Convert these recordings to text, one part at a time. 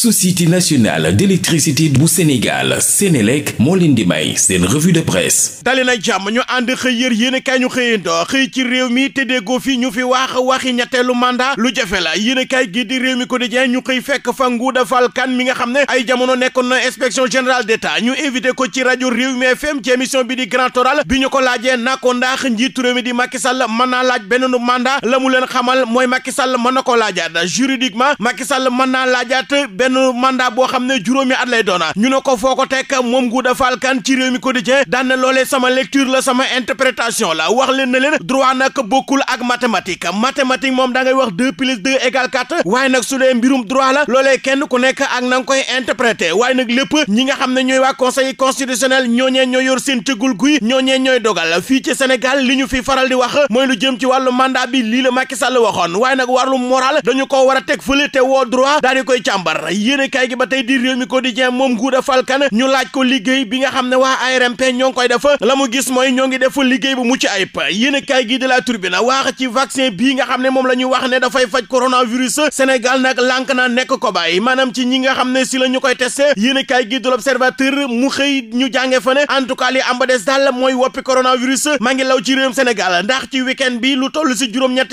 société nationale d'électricité bu Sénégal Sénélec moo leen di may seen revue de presse dali na jàmm ñu ànd xëy yër yéenekaay ñu xëyandoo xëy ci réew mi te déggoo fi ñu fi wax waxi ñetteelu mandat lu jafe la yéenekaay gi di réew mi quotidien ñu xëy fekk fa Ngouda Fall Kane mi nga xam ne ay jamono nekkoon na inspection générale d'État ñu invité ko ci rajo réew mi FM ci émission bi di Grand Oral bi ñu ko laajee naa ko ndax njiitu réew mi di Macky Sall mën naa laaj benn mandat la mu leen xamal mooy Macky Sall mën na ko laajaat juridiquement Macky Sall mën naa benn mandat boo xam ne juróomi at lay doona ñu ne ko foo ko teg moom Ngouda Fall Kane ci réew mi quotidien daan na loolee sama lecture la sama interprétation la wax leen na leen droit nag bokkul ak mathématique mathématique moom da ngay wax deux plus deux égale quatre waaye nag su dee mbirum droit la loolee kenn ku nekk ak na nga koy interprété waaye nag lépp ñi nga xam ne ñooy waa conseil constitutionnel ñooñee ñoo yor seen cëggul guy ñooñee ñooy dogal fii ci Sénégal li ñu fi faral di wax mooy lu jëm ci wàllu mandat bi lii la Macky Sall waxoon waaye nag wàllu moral dañu ko war a teg fële te woo droit daal koy càmbar yéen kaay gi ba tey di réew mi quotidien moom Ngouda Fall Kane ñu laaj ko liggéey bi nga xam ne waa ARMP ñoo ngi koy def la mu gis mooy ñoo ngi def liggéey bu mucc ayib yéen kaay gi de la Tribune wax ci vaccin bii nga xam ne moom la ñuy wax ne dafay faj coronavirus Sénégal nag lànk naa nekk ko bàyyi maanaam ci ñi nga xam ne si la ñu koy testé yéen kaay gi de l'Observateur mu xëy ñu jànge fa ne en tout cas li am ba des daal mooy woppi coronavirus maa ngi law ci réewum Sénégal ndax ci week bi lu toll si juróom nit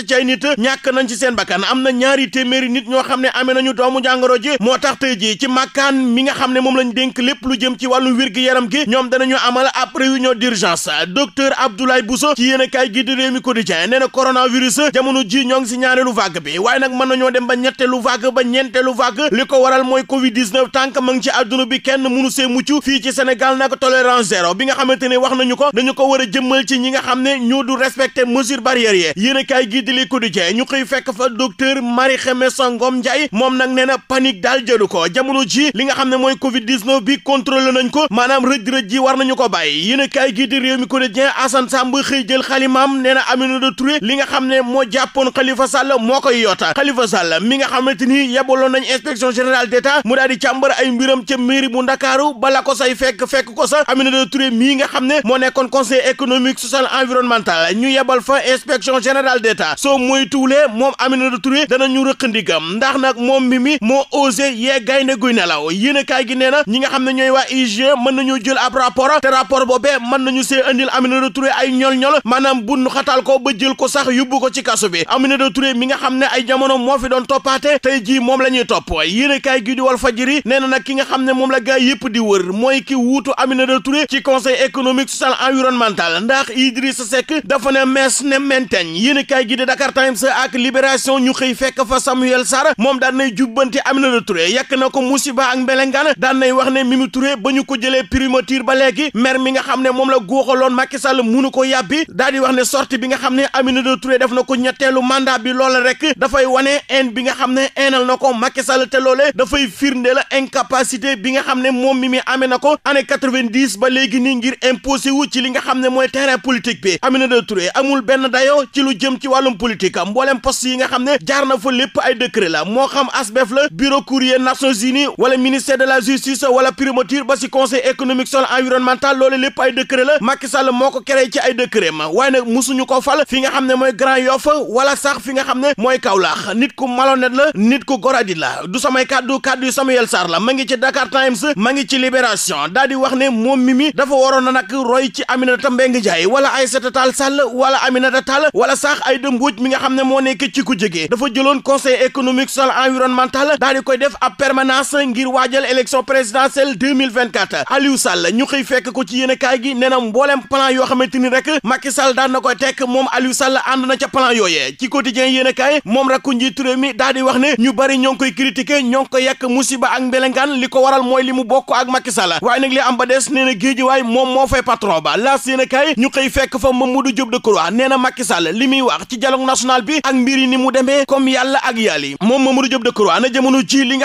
ñàkk nañ ci seen bakkan am na nit ñoo xam ne amee nañu doomu jàngoro ji moo moo tax jii ci màkkaan mi nga xam ne moom lañ dénk lépp lu jëm ci wàllu wér yaram gi ñoom danañu amal ab réunion d'urgence docteur Abdoulaye Bousso ci yéen a kaay gi di Rewmi Quotidien nee na coronavirus jamono ji ñoo ngi si ñaareelu vague bi waaye nag mën nañoo dem ba ñetteelu vague ba ñeenteelu vague li ko waral mooy covid 19 tànk ma ngi ci àdduna bi kenn mënu see mucc fii ci Sénégal nag tolérance zéro bi nga xamante ne wax nañu ko dañu ko war a jëmmal ci ñi nga xam ne ñoo du respecté mesure barrières yi yéen a kaay Le Quotidien ñu koy fekk fa docteur Marie Khemesse Ngom Ndiaye moom nag nee na panique jëru ko ji li nga xam ne mooy covid 19 bi contrôlé nañ ko maanaam rëj-rëj ji war nañu ko bàyyi yéen a kaay gii di réew mi quotidien Assane jël xalimaam nee na Aminata Touré li nga xam ne moo jàppoon Khalifa Sall moo ko yoota Khalifa Sall mi nga xamante ni yebaloon nañ inspection générale d'État mu daal di càmbar ay mbiram ca mairie bu Ndakaaru bala ko say fekk fekk ko sa Aminata Touré mii nga xam ne moo nekkoon conseil économique social environnemental ñu yebal fa inspection générale d'État soo mooy tuulee moom Aminata Touré dana ñu rëq ndigam ndax nag moom mi mi moo osé yee gaynde guy nelaw yéen a gi nee na ñi nga xam ne ñooy waa IGE mën nañu jël ab rapport te rapport boobee mën nañu see indil Aminata Touré ay ñol-ñol maanaam bunn xatal ko ba jël ko sax yóbbu ko ci kaso bi Aminata Touré mi nga xam ne ay jamono moo fi doon toppaate tey jii moom la ñuy topp yéen a kaay gi di wal fajiri nee na nag ki nga xam ne moom la gaa yëpp di wër mooy ki wuutu Aminata Touré ci conseil économique social environnemental ndax Idrissa Seck dafa ne mees ne menteñ yéen kaay gi di Dakar ak Libération ñu xëy fekk fa Samuel Sarr moom daan nay jubbanti Aminata Touré yàq na ko musiba ak mbelengaan daan nay wax ne Mimi Touré ba ñu ko jëlee primature ba léegi maire mi nga xam ne moom la góoxaloon Macky Sall munu ko yàbbi daal di wax ne sorti bi nga xam ne Aminata Touré def na ko ñetteelu mandat bi loola rek dafay wane haine bi nga xam ne hainal na ko Macky Sall te loole dafay firnde la incapacité bi nga xam ne moom mi mi amee na ko année quatre vingt ba léegi nii ngir imposé wu ci li nga xam ne mooy terrain politique bi Aminata Touré amul benn dayoo ci lu jëm ci wàllum politique mboolem poste yi nga xam ne jaar na fa lépp ay décret la moo xam asbef la bureau des nations unies wala ministère de la justice wala primature ba si conseil économique social environnemental loolu lépp ay décret la Macky Sall moo ko créé ci ay décret ma waaye nag musuñu ko fal fi nga xam ne mooy Grand Yoff wala sax fi nga xam ne mooy Kaolack nit ku malhonnête la nit ku goradi la du samay kaddu kàddu yu Samuel Sarr la ma ngi ci Dakar Times ma ngi ci Libération daal di wax ne moom mi dafa waroon a nag roy ci Aminata Mbengue Ndiaye wala ay Tall Sall wala Aminata Tall wala sax Aïda Mbodj mi nga xam ne moo nekk ci ku jege dafa jëloon conseil économique social environnemental daal di koy def ab permanence ngir waajal élection présidentielle 2024 Aliou Sall ñu xëy fekk ko ci yéenekaay gi nee na mbooleem plan yoo xamante ni rek Macky Sall daan tekk moom Aliou Sall ànd na ca plan yooyee ci quotidien yéenekaay moom rakku njiitu réew wax ne ñu bari ñoo ngi koy critiquer ñoo ngi koy yàq musiba ak mbelengaan li ko waral mooy li mu bokk ak Macky Sall waaye nag li am ba des nee na géejiwaay moom moo fay patron ba laas yéenekaay ñu xëy fekk fa Mamadou Diop Decroix nee na Macky Sall li muy wax ci dialogue national bi ak mbir yi ni mu demee comme yàlla ak yàlla yi moom Mamadou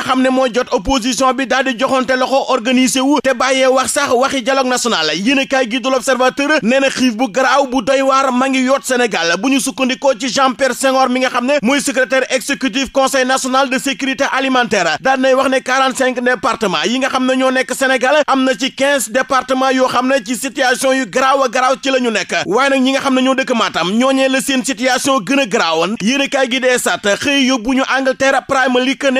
xam ne moo jot opposition bi daal di joxonte loxo organisé wu te bàyyee wax sax waxi dialogue national yéen a kaay gi du l'observateur nee na xiif bu garaaw bu doy waar ma ngi yoot Sénégal bu ñu sukkandikoo ci Jean Pierre Senghor mi nga xam ne mooy secrétaire exécutif conseil national de sécurité alimentaire daan nay wax ne quarante cinq départements yi nga xam ne ñoo nekk Sénégal am na ci quinze départements yoo xam ne ci situation yu garaaw a garaaw ci la ñu nekk waaye nag ñi nga xam ne ñoo dëkk Matam ñooñee la seen situation gën a garaawoon yéen a kaay gi dee sat xëy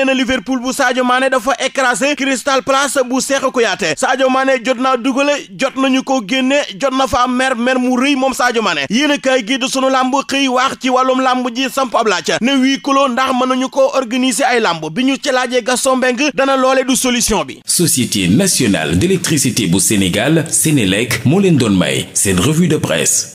na Liverpool bu bu Sadio Mané dafa écrasé Crystal Palace bu Cheikhou Kouyaté Sadio Mané jot naa dugale jot nañu ko génne jot na fa mer mer mu rëy moom Sadio Mané yéen a kaay gi de sunu làmb xëy wax ci wàllum làmb ji samp ab laaj ne huis clos ndax mën nañu ko organiser ay làmb bi ñu ci laajee Gaston Mbengue dana loole du solution bi. Société nationale d'électricité bu Sénégal Sénélec moo leen doon may seen revue de presse.